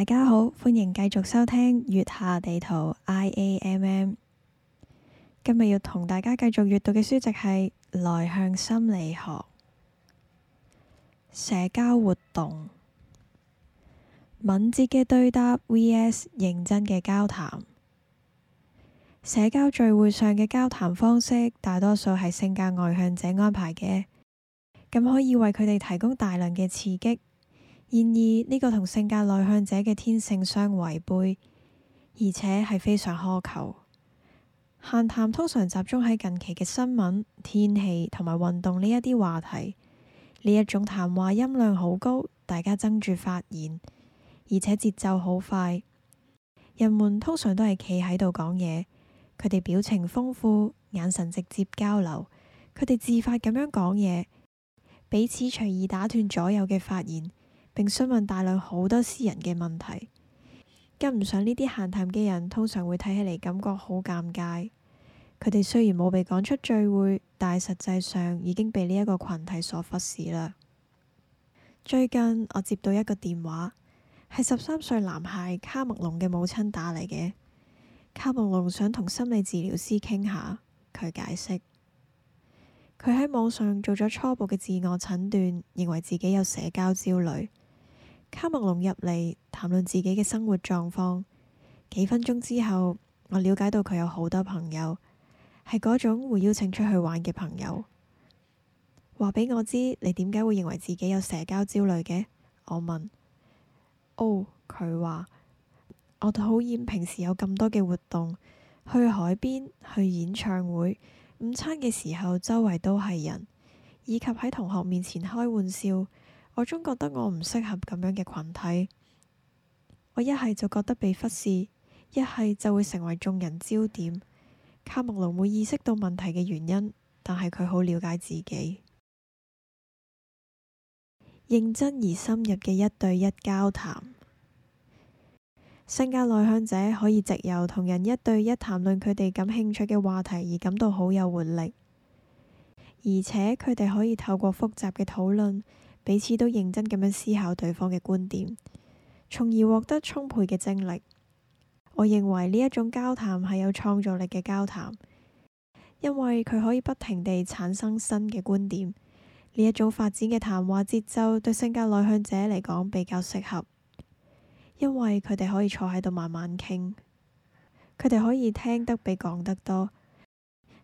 大家好，歡迎繼續收聽月下地圖 I A M M。今日要同大家繼續閱讀嘅書籍係《內向心理學》。社交活動、敏捷嘅對答 V S 認真嘅交談，社交聚會上嘅交談方式，大多數係性格外向者安排嘅，咁可以為佢哋提供大量嘅刺激。然而呢個同性格內向者嘅天性相違背，而且係非常苛求。閒談通常集中喺近期嘅新聞、天氣同埋運動呢一啲話題。呢一種談話音量好高，大家爭住發言，而且節奏好快。人們通常都係企喺度講嘢，佢哋表情豐富，眼神直接交流，佢哋自發咁樣講嘢，彼此隨意打斷左右嘅發言。並詢問大量好多私人嘅問題，跟唔上呢啲閒談嘅人，通常會睇起嚟感覺好尷尬。佢哋雖然冇被趕出聚會，但係實際上已經被呢一個群體所忽視啦。最近我接到一個電話，係十三歲男孩卡麥龍嘅母親打嚟嘅。卡麥龍想同心理治療師傾下，佢解釋佢喺網上做咗初步嘅自我診斷，認為自己有社交焦慮。卡莫隆入嚟談論自己嘅生活狀況。幾分鐘之後，我了解到佢有好多朋友，係嗰種會邀請出去玩嘅朋友。話畀我知你點解會認為自己有社交焦慮嘅？我問。哦，佢話我討厭平時有咁多嘅活動，去海邊、去演唱會、午餐嘅時候周圍都係人，以及喺同學面前開玩笑。我總覺得我唔適合咁樣嘅群體，我一係就覺得被忽視，一係就會成為眾人焦點。卡莫隆會意識到問題嘅原因，但係佢好了解自己，認真而深入嘅一對一交談。性格內向者可以藉由同人一對一談論佢哋感興趣嘅話題而感到好有活力，而且佢哋可以透過複雜嘅討論，彼此都認真咁樣思考對方嘅觀點，從而獲得充沛嘅精力。我認為呢一種交談係有創造力嘅交談，因為佢可以不停地產生新嘅觀點。呢一種發展嘅談話節奏對性格內向者嚟講比較適合，因為佢哋可以坐喺度慢慢傾，佢哋可以聽得比講得多。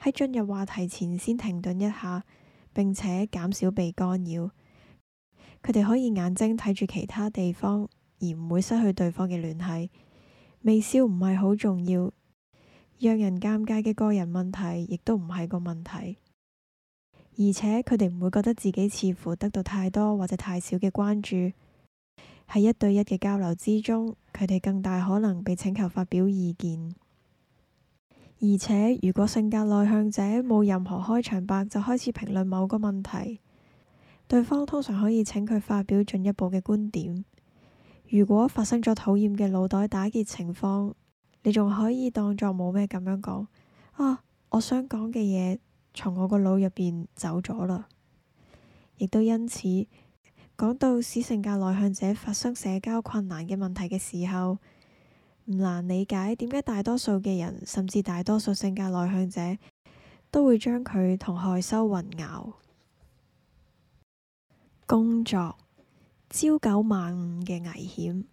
喺進入話題前先停頓一下，並且減少被干擾。佢哋可以眼睛睇住其他地方，而唔會失去對方嘅聯繫。微笑唔係好重要，讓人尷尬嘅個人問題亦都唔係個問題，而且佢哋唔會覺得自己似乎得到太多或者太少嘅關注。喺一對一嘅交流之中，佢哋更大可能被請求發表意見。而且，如果性格內向者冇任何開場白就開始評論某個問題。對方通常可以請佢發表進一步嘅觀點。如果發生咗討厭嘅腦袋打結情況，你仲可以當作冇咩咁樣講。啊，我想講嘅嘢從我個腦入邊走咗啦。亦都因此，講到使性格內向者發生社交困難嘅問題嘅時候，唔難理解點解大多數嘅人，甚至大多數性格內向者，都會將佢同害羞混淆。工作朝九晚五嘅危險，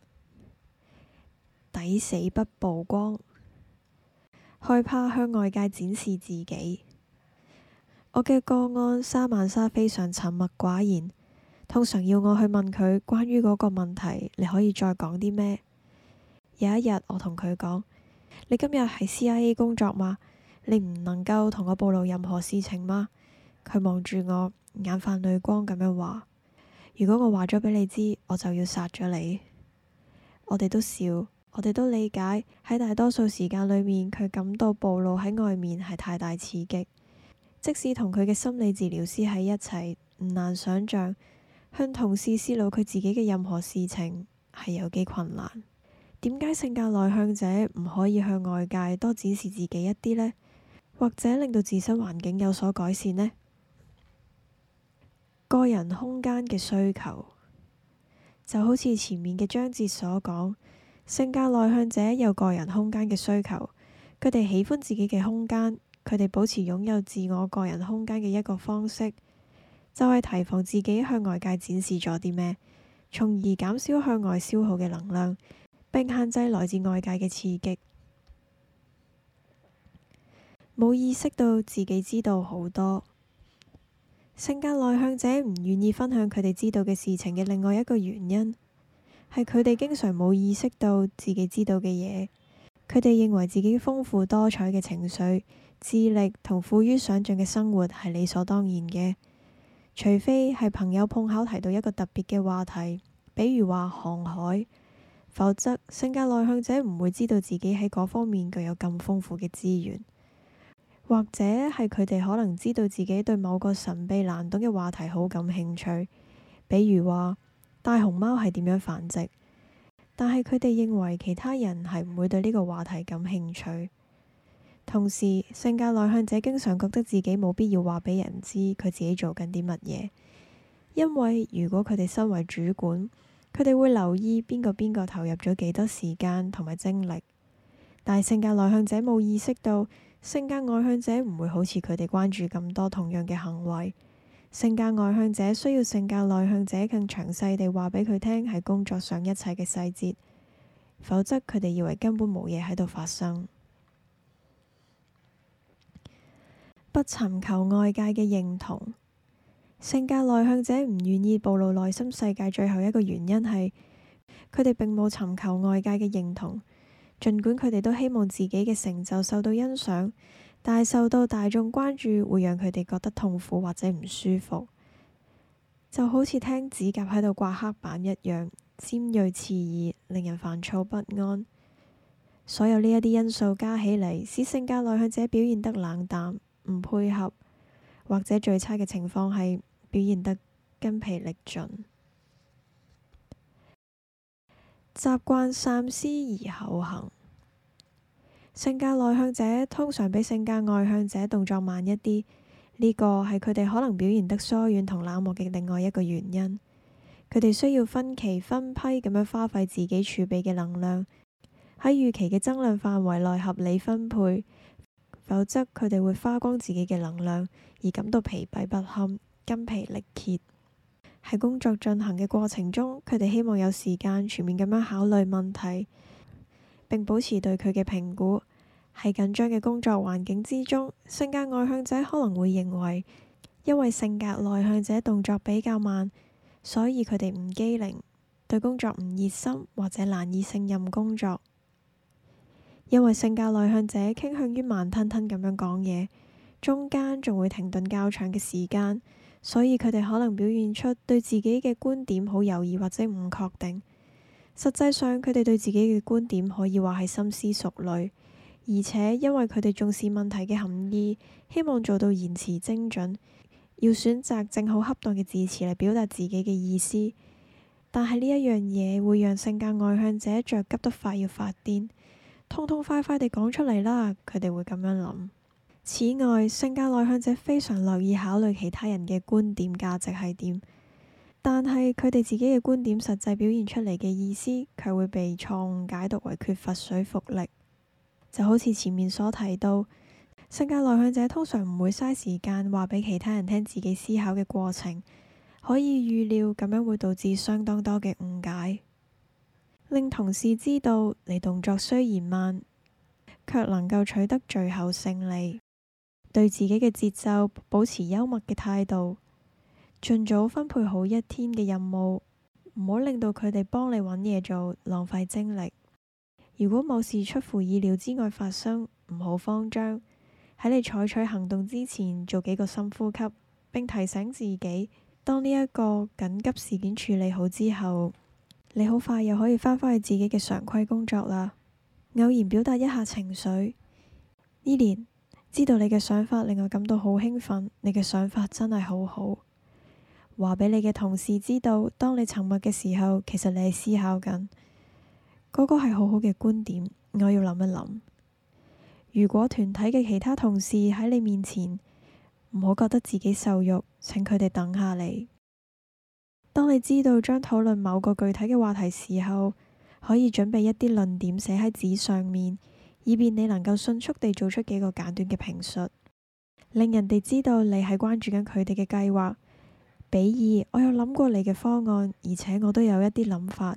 抵死不曝光，害怕向外界展示自己。我嘅個案沙曼莎非常沉默寡言，通常要我去問佢關於嗰個問題，你可以再講啲咩？有一日，我同佢講：你今日係 CIA 工作嗎？你唔能夠同我暴露任何事情嗎？佢望住我，眼泛淚光咁樣話。如果我話咗俾你知，我就要殺咗你。我哋都笑，我哋都理解。喺大多數時間裏面，佢感到暴露喺外面係太大刺激。即使同佢嘅心理治療師喺一齊，唔難想象向同事泄露佢自己嘅任何事情係有幾困難。點解性格內向者唔可以向外界多展示自己一啲呢？或者令到自身環境有所改善呢？個人空間嘅需求，就好似前面嘅章節所講，性格內向者有個人空間嘅需求，佢哋喜歡自己嘅空間，佢哋保持擁有自我個人空間嘅一個方式就係提防自己向外界展示咗啲咩，從而減少向外消耗嘅能量，並限制來自外界嘅刺激。冇意識到自己知道好多。性格內向者唔願意分享佢哋知道嘅事情嘅另外一個原因，係佢哋經常冇意識到自己知道嘅嘢。佢哋認為自己豐富多彩嘅情緒、智力同富於想像嘅生活係理所當然嘅。除非係朋友碰巧提到一個特別嘅話題，比如話航海，否則性格內向者唔會知道自己喺嗰方面具有咁豐富嘅資源。或者係佢哋可能知道自己對某個神秘難懂嘅話題好感興趣，比如話大熊貓係點樣繁殖，但係佢哋認為其他人係唔會對呢個話題感興趣。同時，性格內向者經常覺得自己冇必要話俾人知佢自己做緊啲乜嘢，因為如果佢哋身為主管，佢哋會留意邊個邊個投入咗幾多時間同埋精力，但係性格內向者冇意識到。性格外向者唔會好似佢哋關注咁多同樣嘅行為。性格外向者需要性格內向者更詳細地話俾佢聽喺工作上一切嘅細節，否則佢哋以為根本冇嘢喺度發生。不尋求外界嘅認同，性格內向者唔願意暴露內心世界，最後一個原因係，佢哋並冇尋求外界嘅認同。儘管佢哋都希望自己嘅成就受到欣賞，但係受到大眾關注會讓佢哋覺得痛苦或者唔舒服，就好似聽指甲喺度刮黑板一樣，尖銳刺耳，令人煩躁不安。所有呢一啲因素加起嚟，使性格內向者表現得冷淡、唔配合，或者最差嘅情況係表現得筋疲力盡。習慣三思而後行。性格內向者通常比性格外向者動作慢一啲，呢個係佢哋可能表現得疏遠同冷漠嘅另外一個原因。佢哋需要分期分批咁樣花費自己儲備嘅能量，喺預期嘅增量範圍內合理分配，否則佢哋會花光自己嘅能量而感到疲憊不堪、筋疲力竭。喺工作進行嘅過程中，佢哋希望有時間全面咁樣考慮問題，並保持對佢嘅評估。喺緊張嘅工作環境之中，性格外向者可能會認為，因為性格內向者動作比較慢，所以佢哋唔機靈，對工作唔熱心或者難以勝任工作。因為性格內向者傾向於慢吞吞咁樣講嘢，中間仲會停頓較長嘅時間。所以佢哋可能表現出對自己嘅觀點好猶豫或者唔確定。實際上，佢哋對自己嘅觀點可以話係深思熟慮，而且因為佢哋重視問題嘅含義，希望做到言辭精準，要選擇正好恰當嘅字詞嚟表達自己嘅意思。但係呢一樣嘢會讓性格外向者着急得快要發癲，痛痛快快地講出嚟啦！佢哋會咁樣諗。此外，性格內向者非常留意考慮其他人嘅觀點價值係點，但係佢哋自己嘅觀點實際表現出嚟嘅意思，卻會被錯誤解讀為缺乏說服力。就好似前面所提到，性格內向者通常唔會嘥時間話俾其他人聽自己思考嘅過程，可以預料咁樣會導致相當多嘅誤解。令同事知道你動作雖然慢，卻能夠取得最後勝利。對自己嘅節奏保持幽默嘅態度，盡早分配好一天嘅任務，唔好令到佢哋幫你搵嘢做，浪費精力。如果某事出乎意料之外發生，唔好慌張。喺你採取行動之前，做幾個深呼吸，並提醒自己，當呢一個緊急事件處理好之後，你好快又可以翻返去自己嘅常規工作啦。偶然表達一下情緒，依年。知道你嘅想法，令我感到好興奮。你嘅想法真係好好。話畀你嘅同事知道，當你沉默嘅時候，其實你係思考緊。嗰個係好好嘅觀點，我要諗一諗。如果團體嘅其他同事喺你面前，唔好覺得自己受辱，請佢哋等下你。當你知道將討論某個具體嘅話題時候，可以準備一啲論點寫喺紙上面。以便你能夠迅速地做出幾個簡短嘅評述，令人哋知道你係關注緊佢哋嘅計劃。比爾，我有諗過你嘅方案，而且我都有一啲諗法。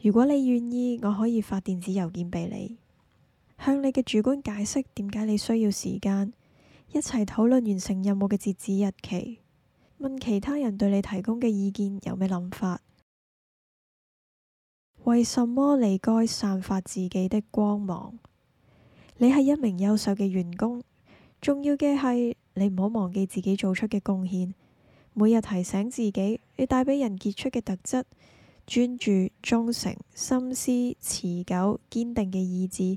如果你願意，我可以發電子郵件俾你。向你嘅主管解釋點解你需要時間，一齊討論完成任務嘅截止日期，問其他人對你提供嘅意見有咩諗法。為什麼你該散發自己的光芒？你係一名優秀嘅員工，重要嘅係你唔好忘記自己做出嘅貢獻。每日提醒自己，你帶畀人傑出嘅特質：專注、忠誠、心思、持久、堅定嘅意志、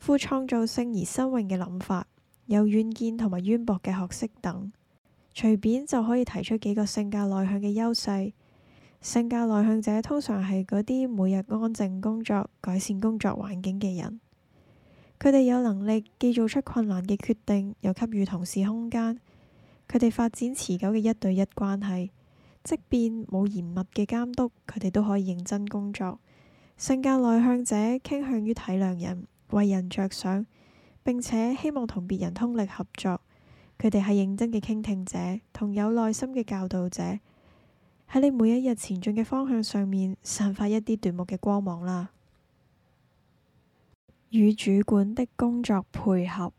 富創造性而新穎嘅諗法、有遠見同埋淵博嘅學識等。隨便就可以提出幾個性格內向嘅優勢。性格內向者通常係嗰啲每日安靜工作、改善工作環境嘅人。佢哋有能力既做出困難嘅決定，又給予同事空間。佢哋發展持久嘅一對一關係，即便冇嚴密嘅監督，佢哋都可以認真工作。性格內向者傾向於體諒人、為人着想，並且希望同別人通力合作。佢哋係認真嘅傾聽者，同有耐心嘅教導者。喺你每一日前進嘅方向上面，散發一啲奪目嘅光芒啦。與主管的工作配合。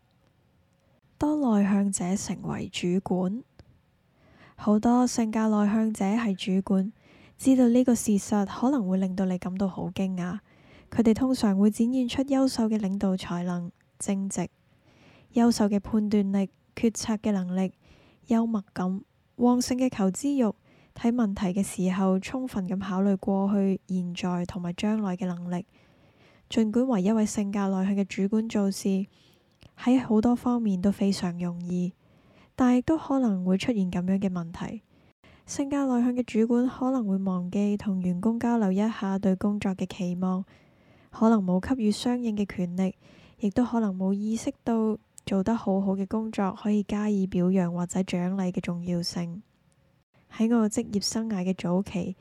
當內向者成為主管，好多性格內向者係主管，知道呢個事實可能會令到你感到好驚訝。佢哋通常會展現出優秀嘅領導才能、正直、優秀嘅判斷力、決策嘅能力、幽默感、旺盛嘅求知欲。睇問題嘅時候，充分咁考慮過去、現在同埋將來嘅能力。儘管為一位性格內向嘅主管做事，喺好多方面都非常容易，但係都可能會出現咁樣嘅問題。性格內向嘅主管可能會忘記同員工交流一下對工作嘅期望，可能冇給予相應嘅權力，亦都可能冇意識到做得好好嘅工作可以加以表揚或者獎勵嘅重要性。喺我嘅職業生涯嘅早期，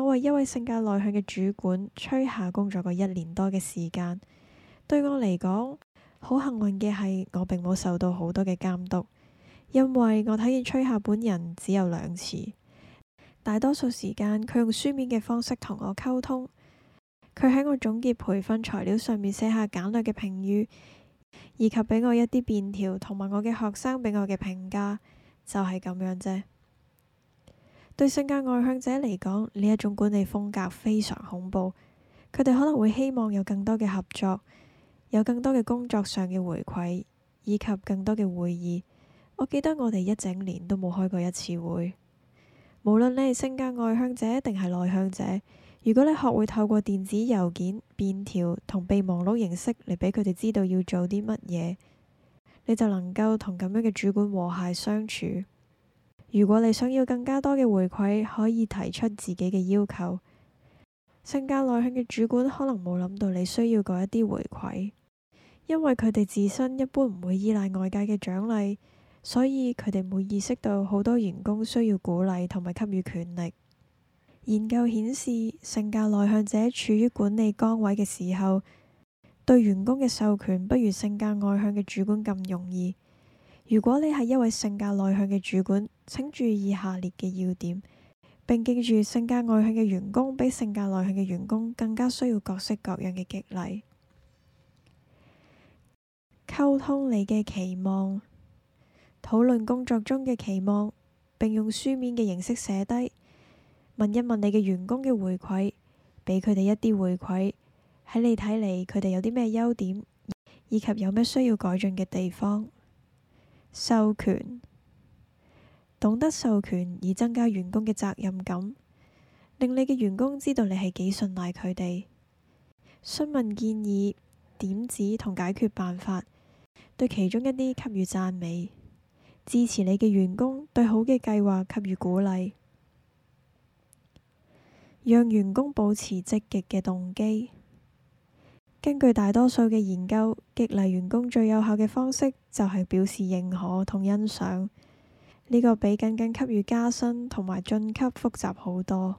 我為一位性格內向嘅主管崔下工作過一年多嘅時間，對我嚟講好幸運嘅係我並冇受到好多嘅監督，因為我睇見崔下本人只有兩次，大多數時間佢用書面嘅方式同我溝通，佢喺我總結培訓材料上面寫下簡略嘅評語，以及俾我一啲便條同埋我嘅學生俾我嘅評價，就係咁樣啫。對性格外向者嚟講，呢一種管理風格非常恐怖。佢哋可能會希望有更多嘅合作，有更多嘅工作上嘅回饋，以及更多嘅會議。我記得我哋一整年都冇開過一次會。無論你係性格外向者定係內向者，如果你學會透過電子郵件、便條同備忘錄形式嚟俾佢哋知道要做啲乜嘢，你就能夠同咁樣嘅主管和諧相處。如果你想要更加多嘅回饋，可以提出自己嘅要求。性格內向嘅主管可能冇諗到你需要嗰一啲回饋，因為佢哋自身一般唔會依賴外界嘅獎勵，所以佢哋冇意識到好多員工需要鼓勵同埋給予權力。研究顯示，性格內向者處於管理崗位嘅時候，對員工嘅授權不如性格外向嘅主管咁容易。如果你係一位性格內向嘅主管，請注意下列嘅要點，並記住性格外向嘅員工比性格內向嘅員工更加需要各式各樣嘅激勵。溝通你嘅期望，討論工作中嘅期望，並用書面嘅形式寫低。問一問你嘅員工嘅回饋，畀佢哋一啲回饋。喺你睇嚟，佢哋有啲咩優點，以及有咩需要改進嘅地方？授權。懂得授權而增加員工嘅責任感，令你嘅員工知道你係幾信賴佢哋。詢問建議、點子同解決辦法，對其中一啲給予讚美，支持你嘅員工，對好嘅計劃給予鼓勵，讓員工保持積極嘅動機。根據大多數嘅研究，激勵員工最有效嘅方式就係表示認可同欣賞。呢個比僅僅給予加薪同埋晉級複雜好多。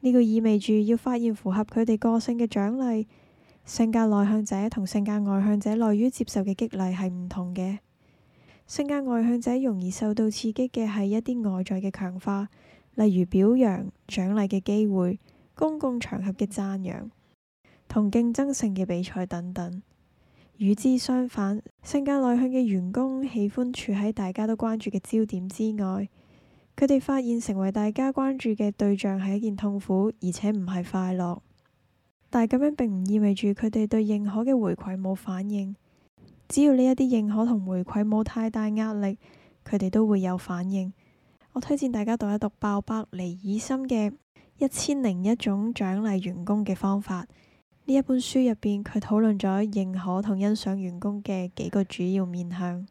呢個意味住要發現符合佢哋個性嘅獎勵。性格內向者同性格外向者內於接受嘅激勵係唔同嘅。性格外向者容易受到刺激嘅係一啲外在嘅強化，例如表揚、獎勵嘅機會、公共場合嘅讚揚、同競爭性嘅比賽等等。與之相反，性格內向嘅員工喜歡處喺大家都關注嘅焦點之外。佢哋發現成為大家關注嘅對象係一件痛苦，而且唔係快樂。但係咁樣並唔意味住佢哋對認可嘅回饋冇反應。只要呢一啲認可同回饋冇太大壓力，佢哋都會有反應。我推薦大家讀一讀鮑伯尼爾森嘅《一千零一種獎勵員工嘅方法》。呢一本書入邊，佢討論咗認可同欣賞員工嘅幾個主要面向，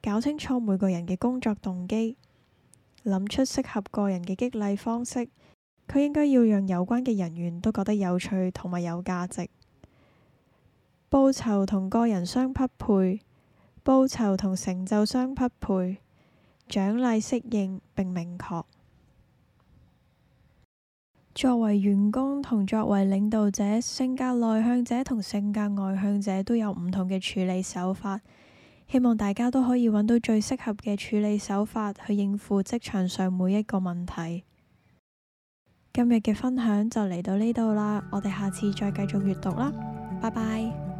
搞清楚每個人嘅工作動機，諗出適合個人嘅激勵方式。佢應該要讓有關嘅人員都覺得有趣同埋有價值。報酬同個人相匹配，報酬同成就相匹配，獎勵適應並明確。作為員工同作為領導者，性格內向者同性格外向者都有唔同嘅處理手法。希望大家都可以揾到最適合嘅處理手法去應付職場上每一個問題。今日嘅分享就嚟到呢度啦，我哋下次再繼續閱讀啦，拜拜。